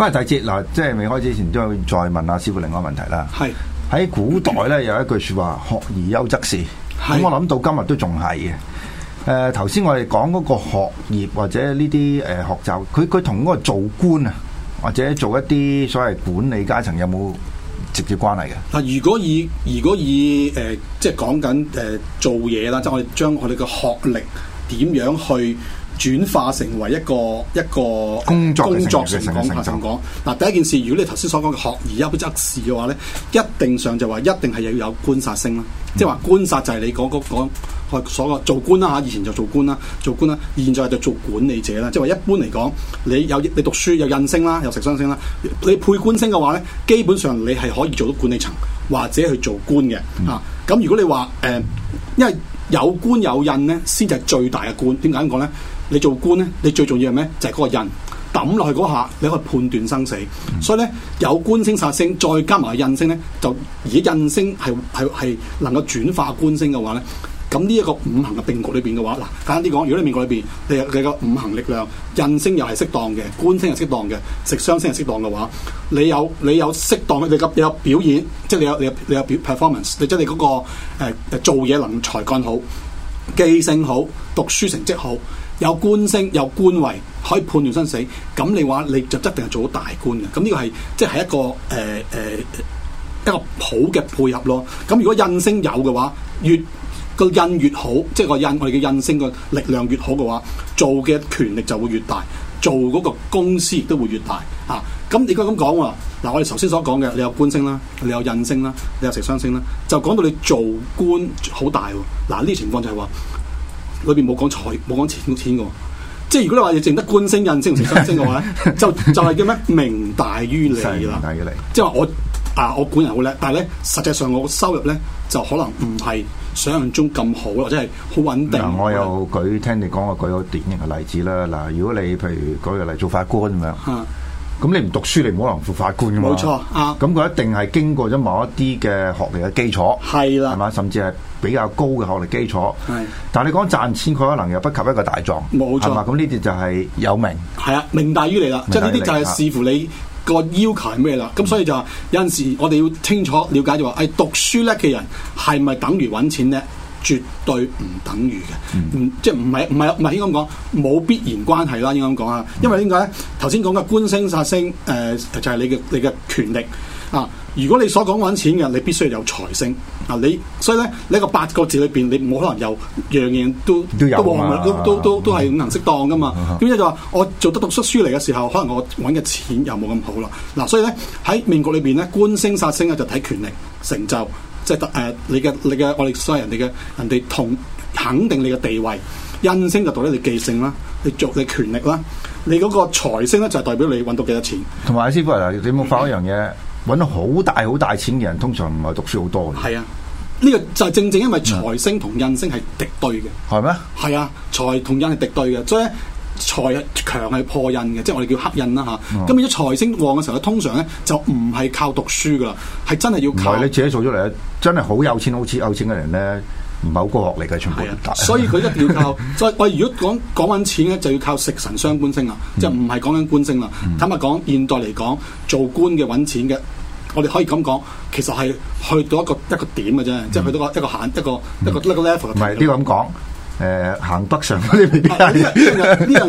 翻第二節嗱，即係未開始之前都有再問下師傅另外一個問題啦。係喺是古代咧，有一句說話，學而優則仕」是，咁我諗到今日都仲係嘅。誒、呃，頭先我哋講嗰個學業或者呢啲誒學習，佢佢同嗰個做官啊，或者做一啲所謂管理階層有冇直接關係嘅？嗱，如果以如果以誒，即係講緊誒做嘢啦，即係我哋將我哋嘅學歷點樣去？轉化成為一個一個工作成，工作上講，嗱，第一件事，如果你頭先所講嘅學而優則仕嘅話咧，一定上就話一定係要有官殺星啦，嗯、即係話官殺就係你講嗰個所謂做官啦嚇，以前就做官啦，做官啦，現在就做管理者啦，即係話一般嚟講，你有你讀書有印星啦，有食傷星啦，你配官星嘅話咧，基本上你係可以做到管理層或者去做官嘅、嗯、啊。咁如果你話誒、呃，因為有官有印咧，先就係最大嘅官，點解咁講咧？你做官咧，你最重要係咩？就係、是、嗰個印抌落去嗰下，你可以判斷生死。所以咧，有官星煞星，再加埋印星咧，就而家印星係係係能夠轉化官星嘅話咧，咁呢一個五行嘅定局裏邊嘅話，嗱簡單啲講，如果你局裡面局裏邊你你個五行力量印星又係適當嘅，官星又適當嘅，食傷星又適當嘅話，你有你有適當嘅你你有表演，即、就、係、是、你有你有你有 performance，即係你嗰、那個、呃、做嘢能才幹好，記性好，讀書成績好。有官星有官位可以判斷生死，咁你話你就一定係做好大官嘅，咁呢個係即係一個誒誒、呃呃、一個好嘅配合咯。咁如果印星有嘅話，越個印越好，即係個印我哋嘅印星嘅力量越好嘅話，做嘅權力就會越大，做嗰個公司都會越大啊！咁應該咁講喎，嗱我哋頭先所講嘅，你有官星啦，你有印星啦，你有食傷星啦，就講到你做官好大喎！嗱呢啲情況就係、是、話。裏邊冇講財，冇講錢錢嘅，即係如果你剩 行行話要淨得官星印星，唔升職升嘅話咧，就就係叫咩名大於利啦，即係話我啊，我管人好叻，但係咧實際上我嘅收入咧就可能唔係想象中咁好，或者係好穩定。嗱、嗯，我又舉是聽你講，我舉個典型嘅例子啦。嗱，如果你譬如舉個例子做法官咁樣。嗯咁你唔讀書，你唔可能做法官噶嘛。冇錯啊！咁佢一定係經過咗某一啲嘅學歷嘅基礎，係啦的，係嘛？甚至係比較高嘅學歷基礎。係的，但係你講賺錢，佢可能又不及一個大狀。冇錯，係嘛？咁呢啲就係有名。係啊，名大於利啦，即係呢啲就係視乎你個要求係咩啦。咁、嗯、所以就話，有陣時我哋要清楚了解就話，係讀書叻嘅人係咪等於揾錢咧？絕對唔等於嘅，唔、嗯、即係唔係唔係唔係應該咁講，冇必然關係啦，應該咁講啊！因為點解咧？頭先講嘅官星煞星，誒、呃、就係、是、你嘅你嘅權力啊！如果你所講揾錢嘅，你必須要有財星啊！你所以咧你個八個字裏邊，你冇可能有樣樣都都有都，都都都都係五行適當噶嘛？咁即、嗯、就話我做得讀書書嚟嘅時候，可能我揾嘅錢又冇咁好啦。嗱、啊，所以咧喺命局裏邊咧，官星煞星啊，就睇權力,成就,權力成就。即係誒、呃，你嘅你嘅我哋所謂人哋嘅人哋同肯定你嘅地位，印星就代表你記性啦，你做你權力啦，你嗰個財星咧就代表你揾到幾多錢。同埋阿師傅啊，你有冇發一樣嘢？揾到好大好大錢嘅人，通常唔係讀書好多嘅。啊，呢、呢個就係正正因為財星同印星係敵對嘅。係咩、嗯？係嗎啊，財同印係敵對嘅，所以。財啊，強係破印嘅，即係我哋叫黑印啦嚇。咁變咗財星旺嘅時候通常咧就唔係靠讀書噶啦，係真係要靠你自己做出嚟咧。真係好有錢、好似有錢嘅人咧，唔係好高學歷嘅全部人。人、啊。所以佢一定要靠。 所以如果講講揾錢咧，就要靠食神傷官星啊，嗯、即係唔係講緊官星啦。嗯、坦白講，現代嚟講做官嘅揾錢嘅，我哋可以咁講，其實係去到一個一個點嘅啫，即係、嗯嗯、去到個一個限一個一個一個 level, level.。唔係啲咁講。誒，行、呃、北上嗰呢樣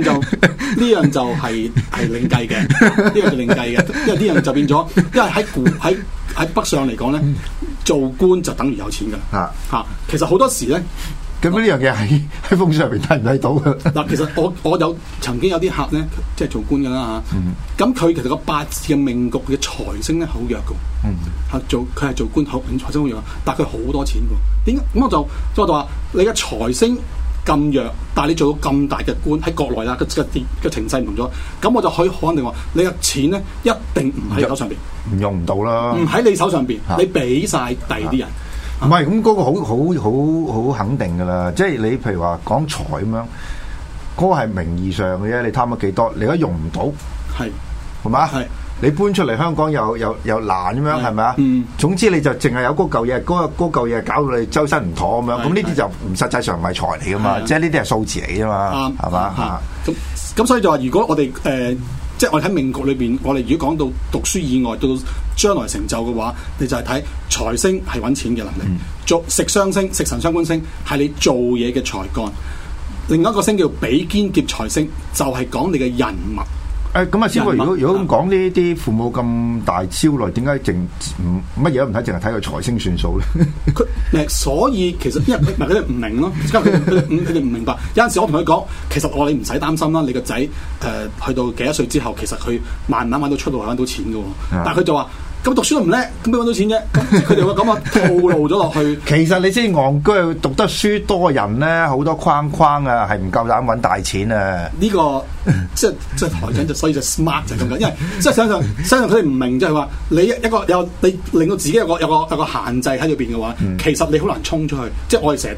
就呢樣就係係另計嘅，呢樣就另計嘅，因為呢樣就變咗，因為喺古喺喺北上嚟講咧，做官就等於有錢噶啦。吓、啊啊，其實好多時咧，咁呢、啊、樣嘢喺喺風水入邊睇唔睇到嘅。嗱、啊，其實我我有曾經有啲客咧，即係做官噶啦吓。咁、啊、佢、嗯、其實個八字嘅命局嘅財星咧好弱嘅。嗯，啊、做佢係做官好，財星好弱，但係佢好多錢嘅。點解？咁我就即係話你嘅財星，咁弱，但係你做到咁大嘅官喺國內啦，個個情勢唔同咗，咁我就可以肯定話，你嘅錢咧一定唔喺你手上邊，唔用唔到啦。唔喺你手上邊，不不了了你俾晒第二啲人。唔係、啊，咁嗰、啊那個好好好好肯定噶啦，即係你譬如話講財咁樣，嗰、那個係名義上嘅啫。你貪咗幾多，你而家用唔到，係係咪啊？係吧。你搬出嚟香港又又又難咁樣，係咪啊？吧嗯、總之你就淨係有嗰嚿嘢，嗰、那、嘢、個那個、搞到你周身唔妥咁的樣，咁呢啲就唔實際上唔係財嚟噶嘛？的即係呢啲係數字嚟啫嘛，係嘛，嗯？咁咁吧所以就話，如果我哋誒、呃，即係我哋喺命局裏邊，我哋如果講到讀書以外到將來成就嘅話，你就係睇財星係揾錢嘅能力，做、嗯、食傷星、食神傷官星係你做嘢嘅才幹，另一個星，一個星，一個星叫比肩劫財星，就係、是、講你嘅人物。誒，咁啊、哎，師傅，如果如果咁講呢啲父母咁大超來，點解淨唔乜嘢都唔睇，淨係睇個財星算數咧？誒， 所以其實因為佢哋唔明咯，佢哋唔明白。有陣時我同佢講，其實我你唔使擔心啦，你個仔誒去到幾多歲之後，其實佢慢慢揾到出路，揾到錢㗎。但係佢就話。咁讀書都唔叻，咁點樣揾到錢啫？佢哋會咁樣套路咗落去。 其實你知，憨居讀得書多人咧，好多框框啊，係唔夠膽揾大錢啊！呢、呢個即係即係台長就所以就 smart 就咁樣，因為即係想信相信佢哋唔明就係話你一個有你令到自己有個有個有個限制喺裏邊嘅話，嗯、其實你好難衝出去。即係我哋成日。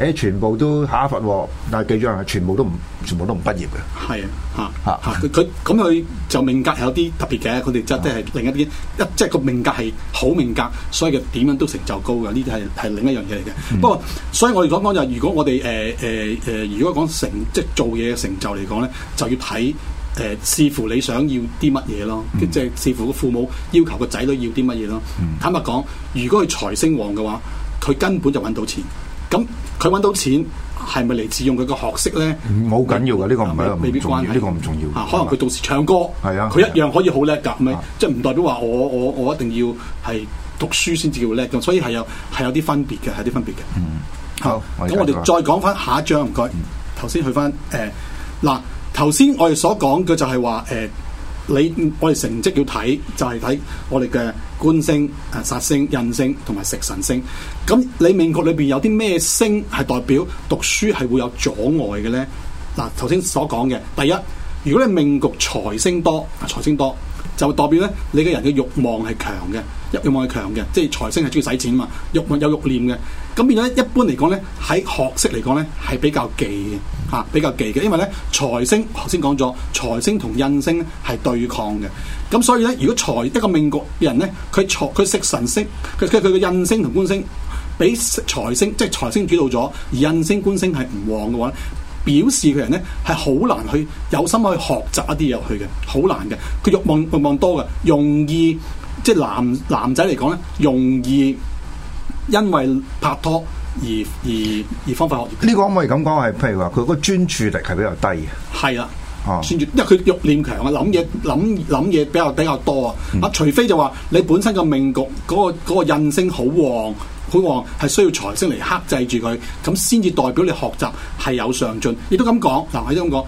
誒全部都下一份喎，但係記帳係全部都唔，全部都唔畢業嘅。係啊，嚇嚇嚇，佢咁佢就命格有啲特別嘅，佢哋即係另一啲一，即係個命格係好命格，所以佢點樣都成就高嘅。呢啲係係另一樣嘢嚟嘅。嗯、不過，所以我哋講講就係，如果我哋誒誒誒，如果講成即係、就是、做嘢嘅成就嚟講咧，就要睇誒、啊，視乎你想要啲乜嘢咯，即係、嗯、視乎個父母要求個仔女要啲乜嘢咯。嗯、坦白講，如果佢財星旺嘅話，佢根本求求錢錢就揾到錢咁。佢揾到錢係咪嚟自用佢個學識咧？唔好緊要噶，呢個唔係未必關呢個唔重要。嚇、啊，可能佢到時唱歌，係啊的，佢一樣可以好叻㗎。咪的、啊、即係唔代表話我我我一定要係讀書先至叫叻㗎，所以係有係有啲分別嘅，係啲分別嘅。嗯，好。咁好我哋再講翻下一章，唔該。頭先去翻誒嗱，頭、呃、先我哋所講嘅就係話誒。呃你我哋成績要睇，就係、是、睇我哋嘅官星、啊、呃、煞星、印星同埋食神星。咁你命局裏邊有啲咩星係代表讀書係會有阻礙嘅咧？嗱、啊，頭先所講嘅，第一，如果你命局財星多，財星多就代表咧，你嘅人嘅欲望係強嘅，欲望係強嘅，即係財星係中意使錢啊嘛，欲望有欲念嘅，咁變咗一般嚟講咧，喺學識嚟講咧係比較忌嘅。啊，比較忌嘅，因為咧財星，頭先講咗財星同印星咧係對抗嘅，咁所以咧，如果財一個命局嘅人咧，佢財佢食神星，佢佢佢嘅印星同官星俾財星，即係財星主導咗，而印星官星係唔旺嘅話，表示佢人咧係好難去有心去學習一啲嘢入去嘅，好難嘅，佢欲望慾望多嘅，容易即係男男仔嚟講咧，容易因為拍拖。而而而方法學業，呢個可唔可以咁講？係譬如話佢個專注力係比較低嘅，係啦，哦，專注，因為佢欲念強啊，諗嘢諗諗嘢比較比較多啊。啊、嗯，除非就話你本身個命局嗰個嗰個印星好旺，好旺係需要財星嚟剋制住佢，咁先至代表你學習係有上進。亦都咁講，嗱，我都咁講，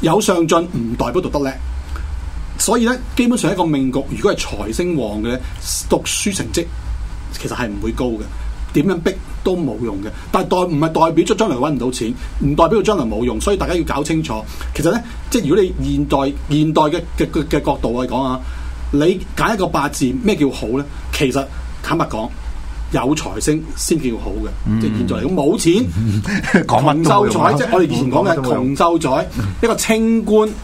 有上進唔代表讀得叻。所以咧，基本上一個命局如果係財星旺嘅咧，讀書成績其實係唔會高嘅。點樣逼都冇用嘅，但係代唔係代表咗將來揾唔到錢，唔代表咗將來冇用，所以大家要搞清楚。其實呢，即係如果你現代現代嘅嘅嘅角度去講啊，你揀一個八字咩叫好呢？其實坦白講。有財星先叫好嘅，即係現在嚟講冇錢，窮秀才即係我哋以前講嘅窮秀才，嗯、一個清官。咁、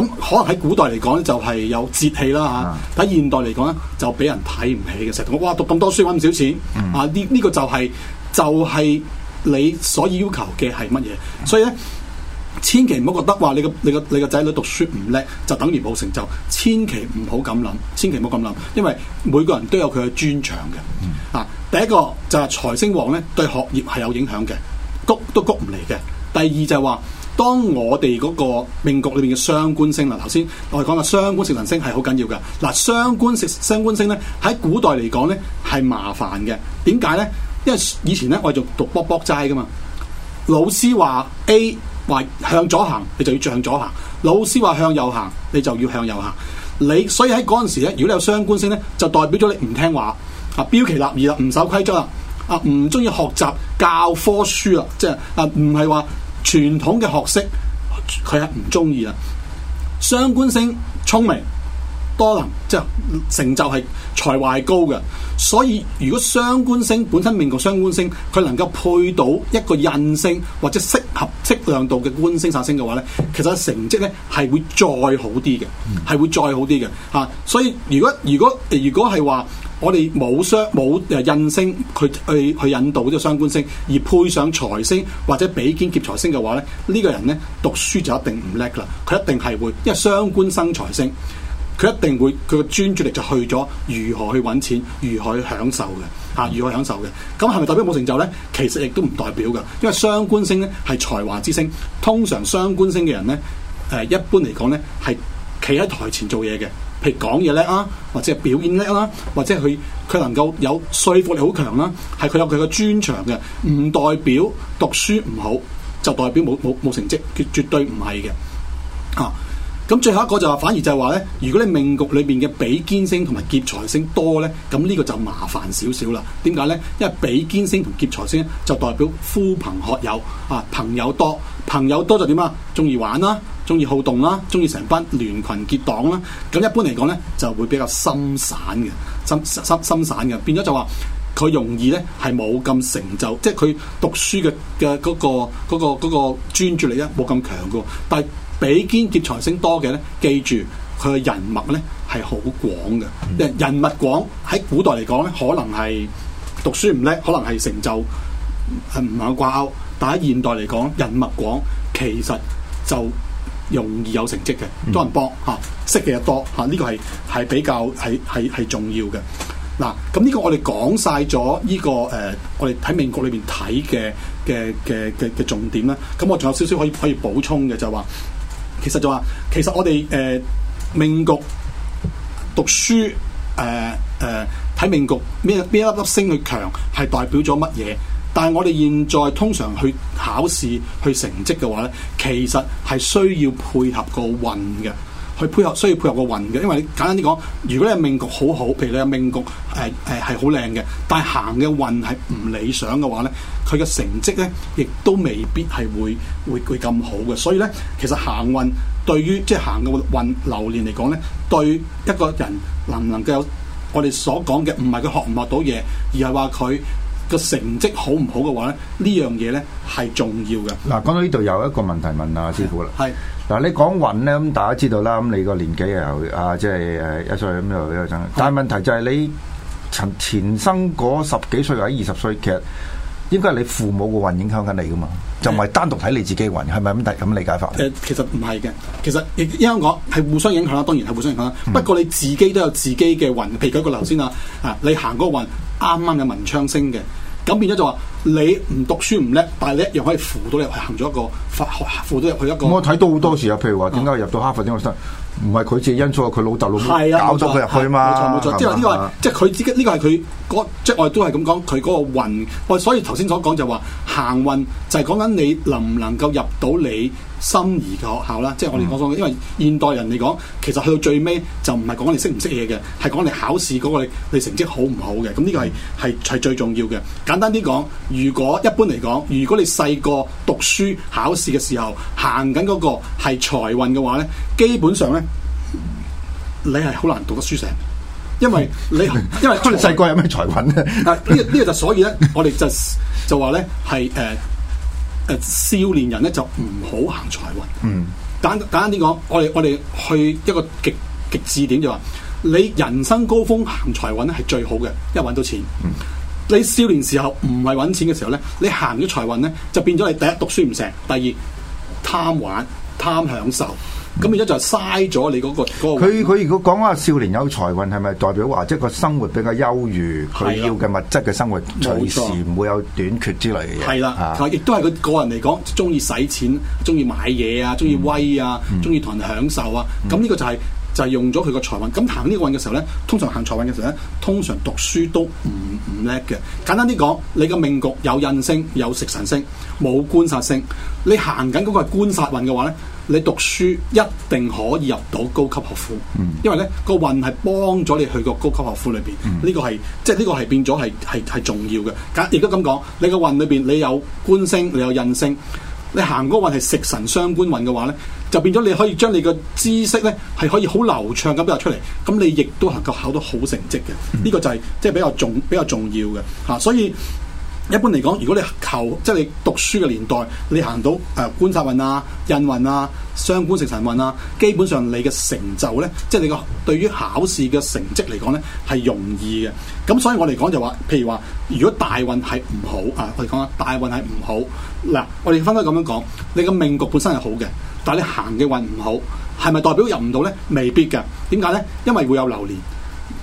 嗯、可能喺古代嚟講咧，就係有節氣啦嚇。喺、嗯、現代嚟講咧，就俾人睇唔起嘅成日，哇，讀咁多書揾咁少錢、嗯、啊！呢呢、呢個就係、是、就係、是、你所要求嘅係乜嘢？嗯、所以咧，千祈唔好覺得話你個你個你個仔女讀書唔叻，就等於冇成就。千祈唔好咁諗，千祈唔好咁諗，因為每個人都有佢嘅專長嘅啊。啊啊第一個就係、是、財星旺咧，對學業係有影響嘅，谷都谷唔嚟嘅。第二就係、是、話，當我哋嗰個命局裏邊嘅傷官星啦，頭先我哋講啦，傷官食神星係好緊要嘅。嗱，傷官食傷官星咧，喺古代嚟講咧，係麻煩嘅，點解咧？因為以前咧，我哋就讀卜卜齋噶嘛，老師話 A 話向左行，你就要向左行；老師話向右行，你就要向右行。你所以喺嗰陣時咧，如果你有傷官星咧，就代表咗你唔聽話。標奇立異啦，唔守規則啦，啊唔中意學習教科書啦，即係啊唔係話傳統嘅學識，佢係唔中意啦。傷官星聰明多能，即係成就係、是、才華係高嘅，所以如果傷官星本身命局傷官星，佢能夠配到一個印星或者適合適量度嘅官星殺星嘅話咧，其實成績咧係會再好啲嘅，係、嗯、會再好啲嘅吓。所以如果如果如果係話，我哋冇商冇印星，佢去去引導啲傷官星，而配上財星或者比肩劫財星嘅話咧，呢、這個人咧讀書就一定唔叻啦，佢一定係會，因為傷官生財星，佢一定會佢嘅專注力就去咗如何去揾錢如何去享受、啊，如何享受嘅，嚇如何享受嘅，咁係咪代表冇成就咧？其實亦都唔代表噶，因為傷官星咧係才華之星，通常傷官星嘅人咧，誒一般嚟講咧係企喺台前做嘢嘅。譬如講嘢叻啊，或者表現叻啦，或者佢佢能夠有說服力好強啦，係佢有佢嘅專長嘅，唔代表讀書唔好，就代表冇冇冇成績，絕絕對唔係嘅。啊，咁最後一個就話，反而就係話咧，如果你命局裏邊嘅比肩星同埋劫財星多咧，咁呢個就麻煩少少啦。點解咧？因為比肩星同劫財星就代表呼朋喝友啊，朋友多，朋友多就點啊？中意玩啦。中意好動啦，中意成班聯群結黨啦，咁一般嚟講咧就會比較心散嘅，心心散嘅，變咗就話佢容易咧係冇咁成就，即係佢讀書嘅嘅嗰個嗰、嗰個嗰個嗰個專注力咧冇咁強嘅。但係比肩劫財星多嘅咧，記住佢嘅人脈咧係、嗯、好廣嘅，人脈廣喺古代嚟講咧可能係讀書唔叻，可能係成就係唔係掛鈎，但係喺現代嚟講，人脈廣其實就，容易有成績嘅，多人幫嚇，啊，識嘅又多嚇，呢、啊，這個係係比較係係係重要嘅。嗱、啊、咁、這、呢個我哋講晒咗呢個誒、呃，我哋喺命局裏邊睇嘅嘅嘅嘅嘅重點啦。咁、啊、我仲有少少可以可以補充嘅就係、是、話，其實就話、是、其實我哋誒、呃、命局讀書誒誒睇命局咩邊一粒星佢強係代表咗乜嘢？但係我哋現在通常去考試、去成績嘅話咧，其實係需要配合個運嘅，去配合需要配合個運嘅。因為你簡單啲講，如果你命局好好，譬如你命局誒誒係好靚嘅，但係行嘅運係唔理想嘅話咧，佢嘅成績咧亦都未必係會會會咁好嘅。所以咧，其實行運對於即係行嘅運流年嚟講咧，對一個人能唔能夠有我哋所講嘅，唔係佢學唔學到嘢，而係話佢，個成績好唔好嘅話咧，樣呢樣嘢咧係重要嘅。嗱、啊，講到呢度有一個問題問阿、啊、師傅啦。係嗱是、啊，你講運咧，咁大家知道啦。咁你個年紀又啊，即係誒一歲咁又幾多層？是但係問題就係你前前生嗰十幾歲或者二十歲，其實應該係你父母個運影響緊你噶嘛，就唔係單獨睇你自己嘅運，係咪咁咁理解法？誒、嗯嗯，其實唔係嘅，其實亦因為講係互相影響啦，當然係互相影響。嗯、不過你自己都有自己嘅運，譬如舉個例先啊，啊，你行嗰個運啱啱有文昌星嘅。咁變咗就話你唔讀書唔叻，但係你一樣可以扶到你入去，行咗一個法學，扶到入去一個。我睇到好多時候，譬如話點解入到哈佛啲學生？啊唔係佢自己因素，佢老豆老母搞咗佢入去嘛。冇錯，冇錯，錯吧即係呢個吧即，即係佢自己。呢個係佢即係我都係咁講，佢嗰個運。我所以頭先所講就話行運就係講緊你能唔能夠入到你心儀嘅學校啦。即係我哋講講，因為現代人嚟講，其實去到最尾就唔係講你識唔識嘢嘅，係講你考試嗰個你，你成績好唔好嘅。咁呢個係係係最重要嘅。簡單啲講，如果一般嚟講，如果你細個。讀書考試嘅時候行緊嗰個係財運嘅話咧，基本上咧你係好難讀得書成，因為你 因為你細、 個有咩財運咧？啊呢呢個就所以咧，我哋就就話咧係誒誒少年人咧就唔好行財運。嗯，簡單簡單啲講，我哋我哋去一個極極致點就話，是，你人生高峰行財運咧係最好嘅，一揾到錢。嗯你少年時候唔係揾錢嘅時候咧，你行咗財運咧，就變咗你第一讀書唔成，第二貪玩貪享受，咁而家就嘥咗你嗰、那個。佢佢、嗯、如果講話少年有財運，係咪代表話即係個生活比較優裕？佢的要嘅物質嘅生活隨時唔會有短缺之類嘅嘢。係啦，亦都係佢個人嚟講，中意使錢、中意買嘢啊、中意威啊、中意同人享受啊，咁呢、嗯嗯、個就係、是、就係、是、用咗佢個財運。咁行呢個運嘅時候咧，通常行財運嘅時候咧，通常讀書都、嗯嗯唔叻嘅，簡單啲講，你個命局有印星，有食神星，冇官殺星。你行緊嗰個係官殺運嘅話咧，你讀書一定可以入到高級學府，因為咧個運係幫咗你去個高級學府裏邊。呢、嗯、個係即係呢個係變咗係係係重要嘅。亦都咁講，你個運裏邊你有官星，你有印星。你行嗰運係食神傷官運嘅話咧，就變咗你可以將你嘅知識咧，係可以好流暢咁表達出嚟，咁你亦都能夠考到好成績嘅。呢、這個就係即係比較重比較重要嘅吓、啊。所以。一般嚟講，如果你求即係你讀書嘅年代，你行到誒官煞運啊、印運啊、傷官食神運啊，基本上你嘅成就咧，即係你個對於考試嘅成績嚟講咧，係容易嘅。咁所以我嚟講就話，譬如話，如果大運係唔好啊，我哋講下大運係唔好嗱，我哋分開咁樣講，你個命局本身係好嘅，但係你行嘅運唔好，係咪代表入唔到咧？未必嘅。點解咧？因為會有流年，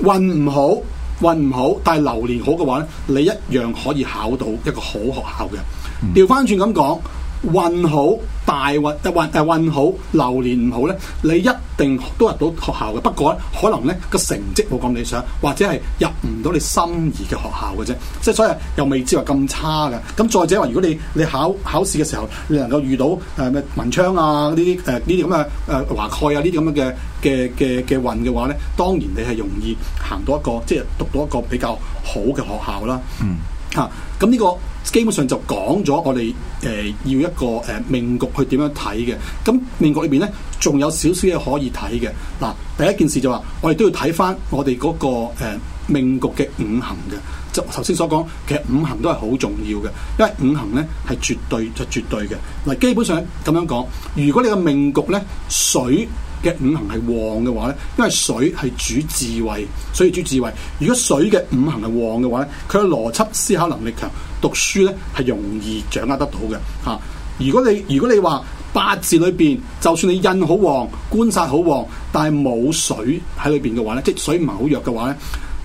運唔好。運唔好，但係流年好嘅話，你一樣可以考到一個好學校嘅。調翻轉咁講。運好大運、運誒運好流年唔好咧，你一定都入到學校嘅。不過咧，可能咧個成績冇咁理想，或者係入唔到你心儀嘅學校嘅啫。即係所以又未至於話咁差嘅。咁再者話，如果你你考考試嘅時候，你能夠遇到誒咩、呃、文昌啊嗰啲誒呢啲咁嘅誒華蓋啊這這的的呢啲咁樣嘅嘅嘅嘅運嘅話咧，當然你係容易行到一個即係、就是、讀到一個比較好嘅學校啦。嗯，嚇咁呢個。基本上就講咗我哋誒、呃、要一個誒、呃、命局去點樣睇嘅，咁命局裏邊咧仲有少少嘢可以睇嘅。嗱，第一件事就話我哋都要睇返我哋嗰、嗰個、呃、命局嘅五行嘅，就頭先所講，其實五行都係好重要嘅，因為五行咧係絕對就絕對嘅。嗱，基本上咁樣講，如果你嘅命局咧水，嘅五行係旺嘅話咧，因為水係主智慧，所以主智慧。如果水嘅五行係旺嘅話咧，佢嘅邏輯思考能力強，讀書咧係容易掌握得到嘅。吓、啊，如果你如果你話八字裏邊，就算你印好旺、官殺好旺，但係冇水喺裏邊嘅話咧，即係水唔係好弱嘅話咧，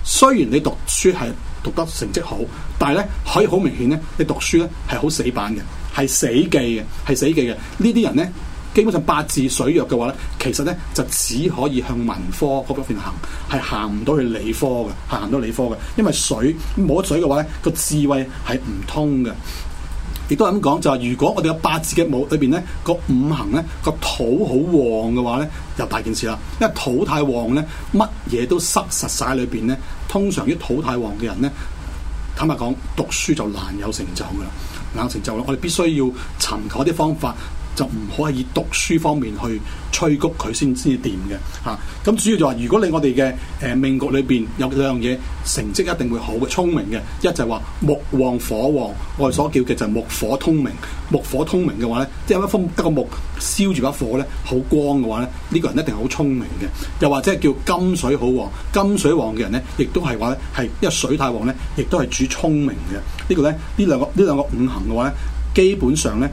雖然你讀書係讀得成績好，但係咧可以好明顯咧，你讀書咧係好死板嘅，係死記嘅，係死記嘅。呢啲人咧，基本上八字水弱嘅話咧，其實咧就只可以向文科嗰一邊行，係行唔到去理科嘅，行到理科嘅，因為水冇水嘅話咧，個智慧係唔通嘅。亦都係咁講，就係如果我哋有八字嘅武裏邊咧，個五行咧個土好旺嘅話咧，又大件事啦。因為土太旺咧，乜嘢都塞實晒裏邊咧，通常啲土太旺嘅人咧，坦白講讀書就難有成就噶啦，難有成就啦。我哋必須要尋求一啲方法。就唔可以以讀書方面去催谷佢先先至掂嘅嚇。咁、啊、主要就話、是，如果你我哋嘅誒命局裏邊有兩樣嘢成績一定會好嘅聰明嘅，一就係話木旺火旺，我哋所叫嘅就係木火通明。木火通明嘅話咧，即係一樖得個木燒住把火咧，好光嘅話咧，呢、呢個人一定好聰明嘅。又或者係叫金水好旺，金水旺嘅人咧，亦都係話咧係因為水太旺咧，亦都係主聰明嘅。呢個咧，呢兩個呢兩個,個五行嘅話咧，基本上咧。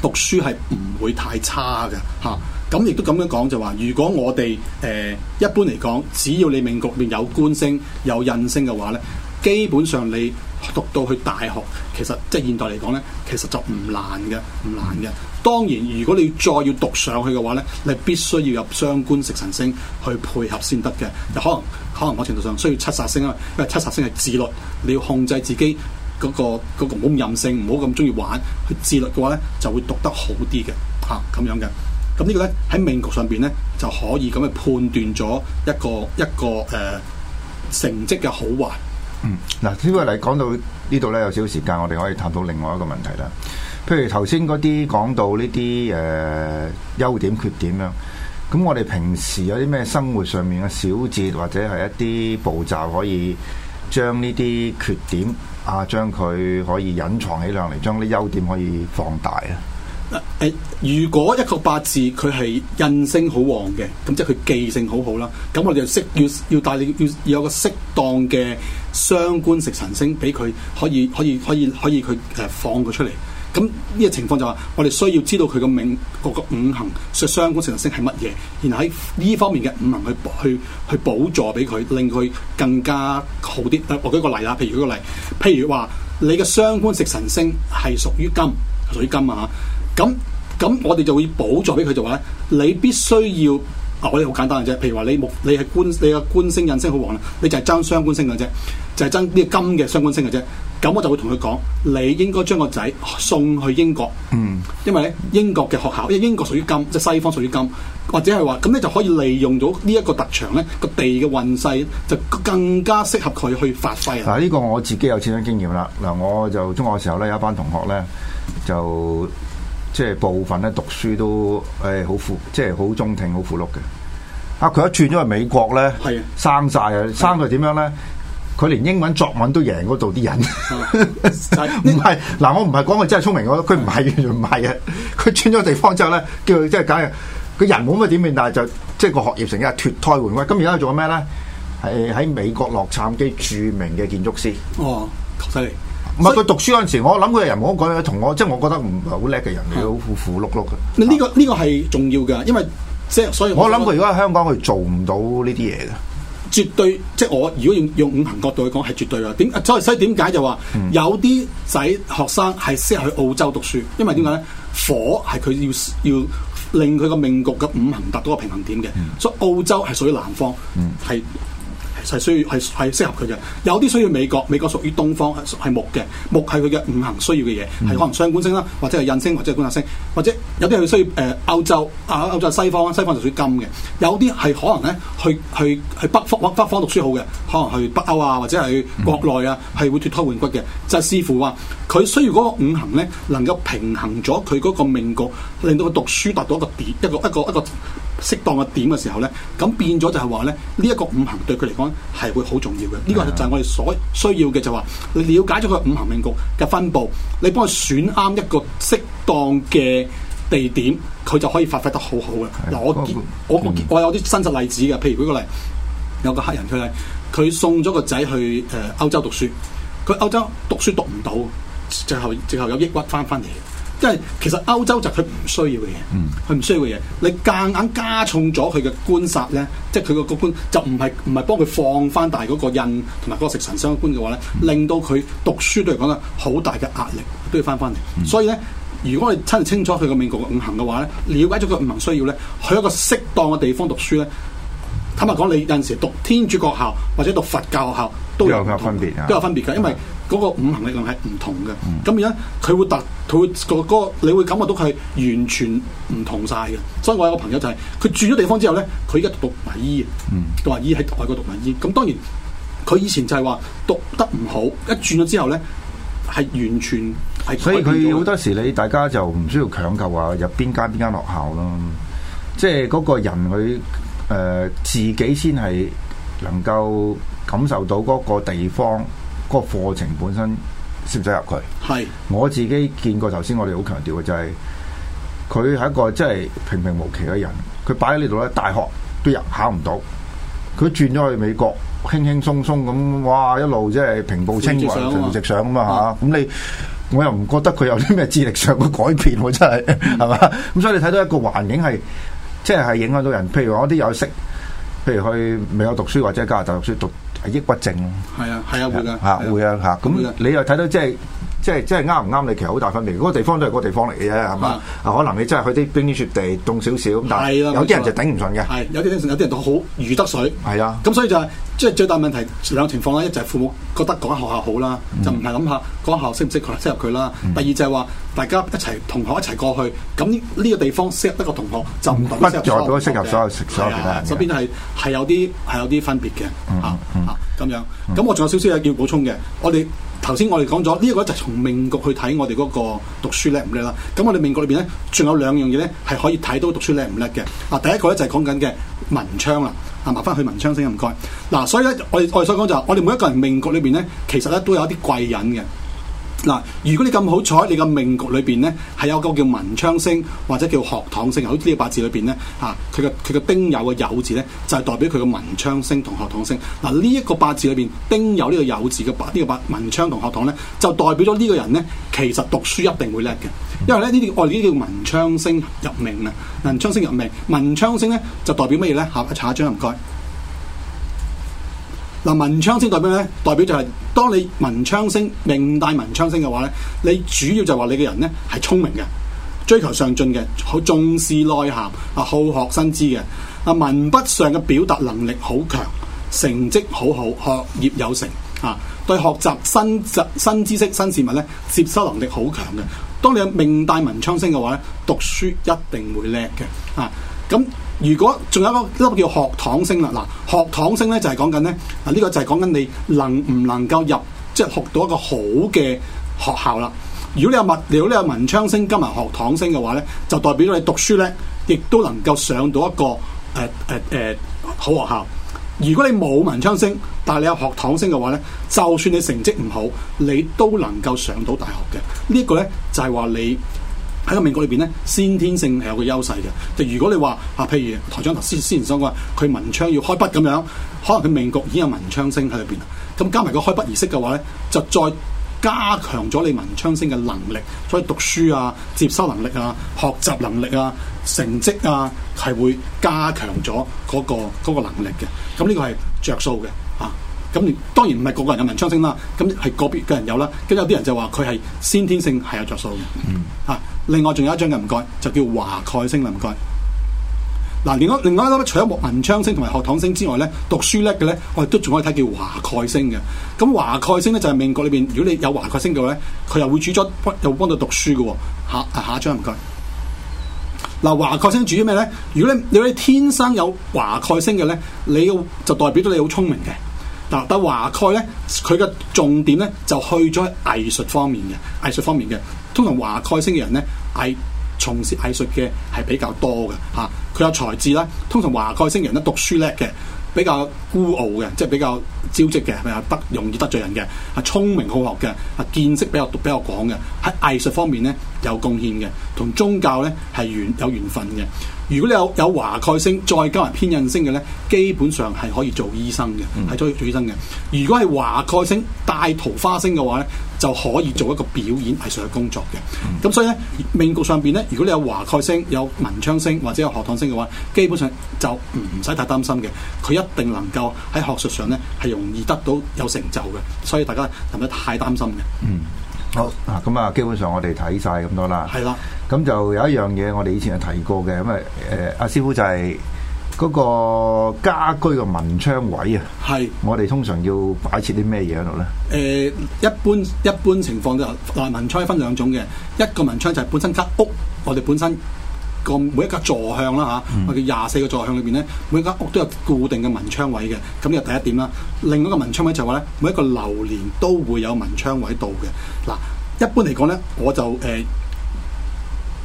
讀書係唔會太差嘅嚇，咁、啊、亦都咁樣講就話，如果我哋誒、呃、一般嚟講，只要你命局裏面有官星、有印星嘅話咧，基本上你讀到去大學，其實即係現代嚟講咧，其實就唔難嘅，唔難嘅。當然，如果你再要讀上去嘅話咧，你必須要有傷官食神星去配合先得嘅，就可能可能某程度上需要七殺星啊，因為七殺星係自律，你要控制自己。嗰、那個嗰、那個冇咁任性，唔好咁中意玩，佢自律嘅話咧，就會讀得好啲嘅嚇咁樣嘅。咁呢個咧喺命局上邊咧，就可以咁去判斷咗一個一個誒、呃、成績嘅好壞。嗯，嗱，呢個嚟講到呢度咧，有少少時間，我哋可以探討另外一個問題啦。譬如頭先嗰啲講到呢啲誒優點缺點啦，咁我哋平時有啲咩生活上面嘅小節，或者係一啲步驟，可以將呢啲缺點。啊！將佢可以隱藏起上嚟，將啲優點可以放大啊、呃！如果一個八字佢係印星好旺嘅，咁即係佢記性好好啦。咁我哋就係要要帶你要要有個適當嘅傷官食神星，俾佢可以可以可以可以佢誒、呃、放佢出嚟。咁呢個情況就話，我哋需要知道佢個命格五行嘅傷官食神星係乜嘢，然後喺呢方面嘅五行去去去補助俾佢，令佢更加好啲、哎。我舉一個例啦，譬如一個例，譬如話你嘅傷官食神星係屬於金，屬於金啊嚇。咁咁我哋就會補助俾佢就話、是、咧，你必須要啊，我哋好簡單嘅啫。譬如話你木，你係官，你個官星印星好旺啦，你就係爭傷官星嘅啫，就係爭呢啲金嘅傷官星嘅啫。咁我就會同佢講，你應該將個仔送去英國，嗯、因為咧英國嘅學校，因為英國屬於金，即係西方屬於金，或者係話咁你就可以利用到呢一個特長咧，個地嘅運勢就更加適合佢去發揮。嗱、啊，呢、呢個我自己有親身嘅經驗啦。嗱，我就中學嘅時候咧，有一班同學咧，就即係部分咧讀書都誒好、哎、富，即係好中挺、好富碌嘅。啊，佢一轉咗去美國咧的，生晒啊，生佢點樣咧？佢連英文作文都贏嗰度啲人、哦，唔係嗱，我唔係講佢真係聰明，佢唔係，完全唔係啊！佢轉咗地方之後咧，叫佢即係假佢人冇乜點變，但係就即係個學業成日脱胎換骨。咁而家佢做咩咧？係喺美國洛杉磯著名嘅建築師。哦，犀利！唔係佢讀書嗰陣時，我諗佢人冇講同我，即、就、係、是、我覺得唔係好叻嘅人，好苦、哦、腐碌碌嘅。呢、嗯啊這個呢、這個係重要嘅，因為即係所以。我諗佢如果喺香港，佢做唔到呢啲嘢嘅。絕對，即係我如果用用五行角度去講係絕對嘅。點所以所以點解就話有啲仔學生係適合去澳洲讀書，因為點解咧？火係佢要要令佢個命局嘅五行達到個平衡點嘅，嗯、所以澳洲係屬於南方，係、嗯。係需要係係適合佢嘅，有啲需要美國，美國屬於東方係木嘅，木係佢嘅五行需要嘅嘢，係可能傷官星啦，或者係印星，或者官殺星，或者有啲係需要誒歐、呃、洲啊，歐、呃、洲係西方，西方就屬於金嘅，有啲係可能咧去去去，去北方，北方讀書好嘅，可能去北歐啊，或者係國內啊，係會脫胎換骨嘅，就係師傅話佢需要嗰個五行咧，能夠平衡咗佢嗰個命局，令到佢讀書達到一個點，一個一個一個。一個一個適當嘅點嘅時候咧，咁變咗就係話咧，呢一個五行對佢嚟講係會好重要嘅。呢個就係我哋所需要嘅，就話你了解咗佢五行命局嘅分布，你幫佢選啱一個適當嘅地點，佢就可以發揮得好好嘅。嗱，我見我我有啲真實例子嘅，譬如舉個例，有個客人佢係佢送咗個仔去誒歐洲讀書，佢歐洲讀書讀唔到，最後最後有抑鬱翻翻嚟。因為其實歐洲就佢唔需要嘅嘢，佢唔、嗯、需要嘅嘢，你夾硬，硬加重咗佢嘅官煞咧，即係佢個局官就唔係唔係幫佢放翻大嗰個印同埋嗰個食神相關官嘅話咧，嗯、令到佢讀書嚟講得好大嘅壓力都要翻翻嚟。嗯、所以咧，如果你哋真係清楚佢個命局嘅五行嘅話咧，了解咗個五行需要咧，去一個適當嘅地方讀書咧，坦白講，你有陣時讀天主學校或者讀佛教學校都有，都有分別，啊，都有分別嘅，因為，嗰個五行力量係唔同嘅，咁而家佢會突，佢會個個你會感覺到佢完全唔同晒嘅。所以我有個朋友就係佢轉咗地方之後咧，佢而家讀埋醫嘅，話、嗯、醫喺外國讀埋醫。咁當然佢以前就係話讀得唔好，一轉咗之後咧係完全係，所以佢好多時你大家就唔需要強求話入邊間邊間學校咯，即係嗰個人佢誒、呃、自己先係能夠感受到嗰個地方。個課程本身識唔使入佢，係是我自己見過。頭先我哋好強調嘅就係佢係一個即係平平無奇嘅人，佢擺喺呢度咧，大學都入考唔到，佢轉咗去美國，輕輕鬆鬆咁，哇！一路即係平步青雲，順、啊、直上咁嘛。嚇、嗯！咁、啊、你我又唔覺得佢有啲咩智力上嘅改變、啊，我真係係嘛？咁、嗯、 所以你睇到一個環境係即係係影響到人，譬如我啲有識，譬如去美國讀書或者加拿大讀書讀。係抑鬱症？係啊係啊，會噶吓， 會啊吓。咁你又睇到即係。即係即係啱唔啱你，其實好大分別。嗰、嗰個地方都係嗰個地方嚟嘅啫，係嘛？ 可能你真係去啲冰天雪地，凍少少，但係有啲人就頂唔順嘅。係有啲有啲人都好如魚得水。係啊的，咁所以就係即係最大問題兩個情況啦。一就係父母覺得嗰間學校好啦，就唔係諗下嗰間學校適唔適合適合佢啦。嗯、第二就係話大家一齊同學一齊過去，咁呢個地方適合得個同學就唔適合。不都適合所有所有其他人嘅，首先係係有啲係有啲分別嘅嚇咁樣。咁我仲有少少嘢要補充嘅，我哋。頭先我哋講咗呢一個咧就係從命局去睇我哋嗰個讀書叻唔叻啦。咁 我哋命局裏邊咧仲有兩樣嘢咧係可以睇到讀書叻唔叻嘅啊。第一個咧就係講緊嘅文昌啦啊，麻煩去文昌先唔該嗱。所以咧我我想講就係、我哋每一個人命局裏邊咧，其實咧都有一啲貴人嘅。嗱，如果你咁好彩，你個命局裏邊咧係有個叫文昌星或者叫學堂星，喺呢個八字裏邊咧嚇，佢嘅佢個丁酉嘅酉字咧就係代表佢嘅文昌星同學堂星嗱。呢一個八字裏邊丁酉呢個酉字嘅呢個文昌同學堂咧就代表咗呢個人咧其實讀書一定會叻嘅，因為咧呢啲我哋呢叫文昌星入命啦，文昌星入命，文昌星咧就代表乜嘢咧？一查下張唔該。嗱，文昌星代表咩？代表就係當你文昌星命帶文昌星嘅話咧，你主要就話你嘅人咧係聰明嘅，追求上進嘅，好重視內涵啊，好學新知嘅啊，文筆上嘅表達能力好強，成績好好，學業有成啊，對學習新新知識、新事物咧，接收能力好強嘅。當你有命帶文昌星嘅話咧，讀書一定會叻嘅啊，咁。如果仲有一粒叫學堂星啦，嗱學堂星咧就係、是、講緊咧，啊、這、呢個就係講緊你能唔能夠入，即、就、係、是、學到一個好嘅學校啦。如果你有文，如果你有文昌星，今日學堂星嘅話咧，就代表你讀書咧，亦都能夠上到一個誒誒誒好學校。如果你冇文昌星，但係你有學堂星嘅話咧，就算你成績唔好，你都能夠上到大學嘅。這個、呢一個咧就係、是、話你。喺個命局裏邊咧，先天性係有個優勢嘅。就如果你話啊，譬如台長頭先先前所講，佢文昌要開筆咁樣，可能佢命局已經有文昌星喺裏邊啦。咁加埋個開筆儀式嘅話咧，就再加強咗你文昌星嘅能力，所以讀書啊、接收能力啊、學習能力啊、成績啊，係會加強咗嗰個嗰個能力嘅。咁呢個係着數嘅啊！咁當然唔係個個人有文昌星啦，咁係個別嘅人有啦。跟住有啲人就話佢係先天性係有着數嘅嚇、嗯啊。另外仲有一張嘅唔該，就叫華蓋星啦唔該。嗱、啊，另外另外咧，除咗文昌星同埋學堂星之外咧，讀書叻嘅咧，我哋都仲可以睇叫華蓋星嘅。咁、啊、華蓋星咧就係、是、命局裏邊，如果你有華蓋星嘅話咧，佢又會助咗，又幫到讀書嘅嚇、啊。下一張唔該。嗱、啊，華蓋星主啲咩咧？如果你你，你天生有華蓋星嘅咧，你就代表咗你好聰明嘅。嗱，但華蓋咧，佢嘅重點咧就去咗藝術方面嘅，藝術方面嘅。通常華蓋星嘅人咧，藝從事藝術嘅係比較多嘅，嚇、啊。佢有才智啦，通常華蓋星人咧讀書叻嘅，比較孤傲嘅，即係比較招職嘅，係不容易得罪人嘅，係、啊、聰明好學嘅，係見識比較比較廣嘅，喺藝術方面咧有貢獻嘅，同宗教咧係緣有緣分嘅。如果你有有華蓋星再加埋偏印星嘅咧，基本上係可以做醫生嘅，係、嗯、做醫生嘅。如果係華蓋星帶桃花星嘅話咧，就可以做一個表演藝術嘅工作嘅。咁、嗯、所以咧命局上邊咧，如果你有華蓋星有文昌星或者有學堂星嘅話，基本上就唔使太擔心嘅。佢一定能夠喺學術上咧係容易得到有成就嘅，所以大家係咪太擔心嘅。嗯。好啊，咁啊，基本上我哋睇晒咁多啦。係啦的，咁就有一樣嘢，我哋以前係提過嘅，咁啊，誒、呃，阿師傅就係嗰個家居嘅門窗位啊。係的，我哋通常要擺設啲咩嘢喺度咧？誒、呃，一般一般情況就內門窗分兩種嘅，一個門窗就係本身間屋，我哋本身。個每一個坐向啦吓，或者廿四個坐向裏邊咧，每一間屋都有固定嘅文昌位嘅，咁就第一點啦。另外一個文昌位就係話咧，每一個流年都會有文昌位度嘅。嗱、啊，一般嚟講咧，我就誒、呃，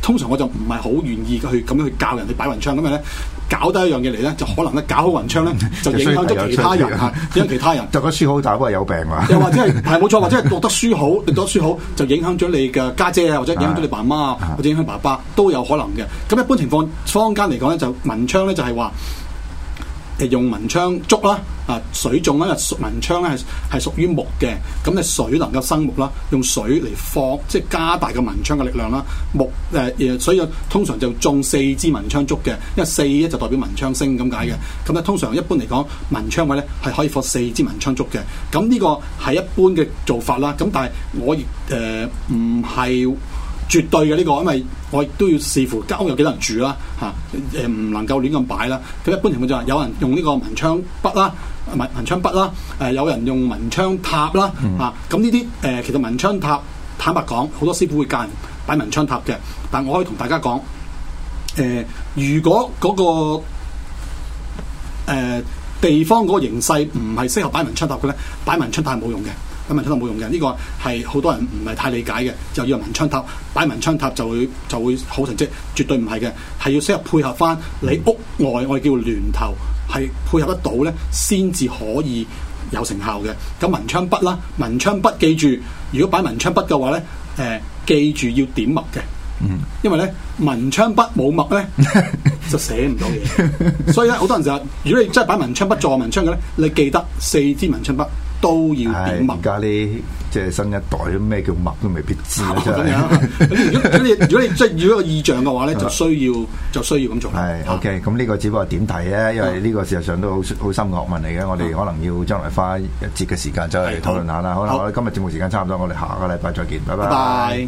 通常我就唔係好願意去咁樣去教人哋擺文昌。咁樣咧。搞得一樣嘢嚟咧，就可能咧搞好文昌咧，就影響咗其他人嚇，係，係影響其他人。讀得書好，但係有病啊！ 又或者係，係冇錯，或者係讀得書好，你讀得書好就影響咗你嘅家姐啊，或者影響咗你媽媽啊，或者影響爸爸都有可能嘅。咁一般情況，坊間嚟講咧，就文昌咧就係話，誒用文昌捉啦。啊、水種咧，文昌咧係係屬於木嘅，咁咧水能夠生木啦，用水嚟放，即係加大個文昌嘅力量啦。木誒，所、呃、以通常就種四支文昌竹嘅，因為四咧就代表文昌星咁解嘅。咁咧通常一般嚟講，文昌位咧係可以放四支文昌竹嘅。咁呢個係一般嘅做法啦。咁但係我亦誒唔係。呃絕對嘅呢個，因為我亦都要視乎間屋有幾多人住啦，嚇誒唔能夠亂咁擺啦。咁、啊、一般情況就係有人用呢個文昌筆啦、啊，文文昌筆啦，誒、啊呃、有人用文昌塔啦，嚇咁呢啲誒其實文昌塔，坦白講，好多師傅會教人擺文昌塔嘅。但我可以同大家講，誒、呃、如果嗰、那個、呃、地方嗰個形勢唔係適合擺文昌塔嘅咧，擺文昌塔係冇用嘅。咁文昌塔冇用嘅，呢個係好多人唔係太理解嘅。就要文昌塔，擺文昌塔就會就會好成績，絕對唔係嘅。係要適合配合翻你屋外我哋叫巒頭，係配合得到咧，先至可以有成效嘅。咁文昌筆啦，文昌筆記住，如果擺文昌筆嘅話咧，誒記住要點墨嘅，因為咧文昌筆冇墨咧就寫唔到嘢。所以咧好多人就話，如果你真係擺文昌筆做文昌嘅咧，你記得四支文昌筆。都要點物，而家呢，即係新一代，咩叫脈都未必知。如果你如果你即係如果有意象嘅話咧，就需要就需要咁做。係，OK。咁呢個只不過點睇啫，因為呢個事實上都好好深嘅學問嚟嘅。我哋可能要將來花一節嘅時間再嚟討論下啦。好啦，今日節目時間差唔多，我哋下個禮拜再見，拜拜。